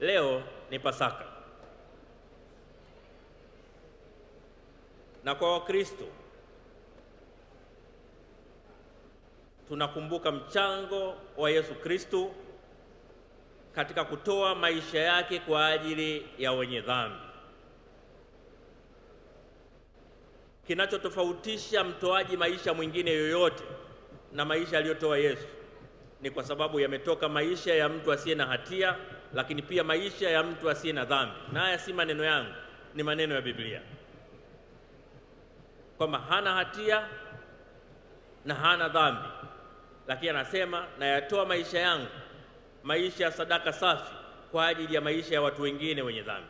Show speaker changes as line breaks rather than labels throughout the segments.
Leo ni Pasaka, na kwa Wakristo tunakumbuka mchango wa Yesu Kristo katika kutoa maisha yake kwa ajili ya wenye dhambi. Kinachotofautisha mtoaji maisha mwingine yoyote na maisha aliyotoa Yesu ni kwa sababu yametoka maisha ya mtu asiye na hatia lakini pia maisha ya mtu asiye na dhambi. Na haya si maneno yangu, ni maneno ya Biblia kwamba hana hatia na hana dhambi, lakini anasema nayatoa maisha yangu, maisha ya sadaka safi kwa ajili ya maisha ya watu wengine wenye dhambi.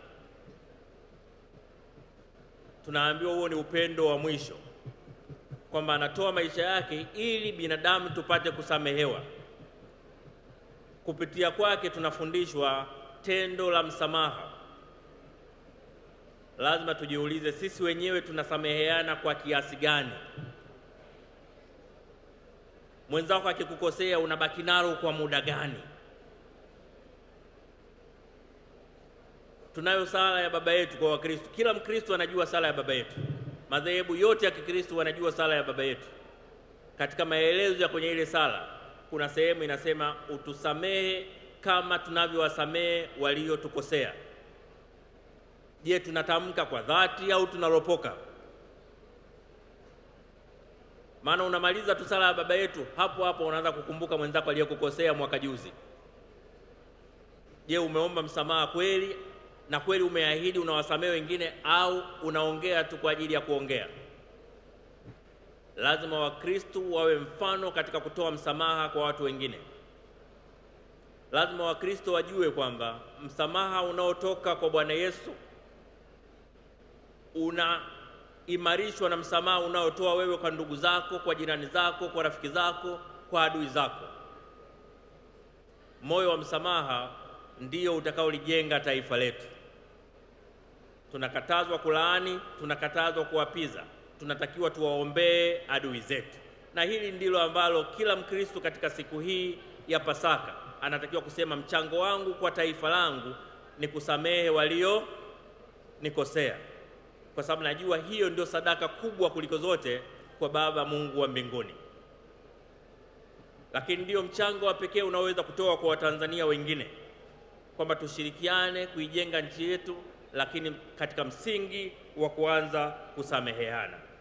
Tunaambiwa huo ni upendo wa mwisho, kwamba anatoa maisha yake ili binadamu tupate kusamehewa. Kupitia kwake tunafundishwa tendo la msamaha. Lazima tujiulize sisi wenyewe tunasameheana kwa kiasi gani? Mwenzako akikukosea unabaki nalo kwa muda gani? Tunayo sala ya Baba Yetu kwa Wakristo. Kila Mkristo anajua sala ya Baba Yetu, madhehebu yote ya Kikristo wanajua sala ya Baba Yetu. Katika maelezo ya kwenye ile sala kuna sehemu inasema utusamehe kama tunavyowasamehe waliotukosea. Je, tunatamka kwa dhati au tunalopoka? Maana unamaliza tu sala ya baba yetu, hapo hapo unaanza kukumbuka mwenzako aliyekukosea mwaka juzi. Je, umeomba msamaha kweli na kweli umeahidi unawasamehe wengine, au unaongea tu kwa ajili ya kuongea? lazima Wakristu wawe mfano katika kutoa msamaha kwa watu wengine. Lazima Wakristo wajue kwamba msamaha unaotoka kwa Bwana Yesu unaimarishwa na msamaha unaotoa wewe kwa ndugu zako, kwa jirani zako, kwa rafiki zako, kwa adui zako. Moyo wa msamaha ndio utakaolijenga taifa letu. Tunakatazwa kulaani, tunakatazwa kuwapiza tunatakiwa tuwaombee adui zetu, na hili ndilo ambalo kila Mkristo katika siku hii ya Pasaka anatakiwa kusema, mchango wangu kwa taifa langu ni kusamehe walio nikosea, kwa sababu najua hiyo ndio sadaka kubwa kuliko zote kwa Baba Mungu wa mbinguni, lakini ndio mchango wa pekee unaoweza kutoa kwa Watanzania wengine, kwamba tushirikiane kuijenga nchi yetu lakini katika msingi wa kuanza kusameheana.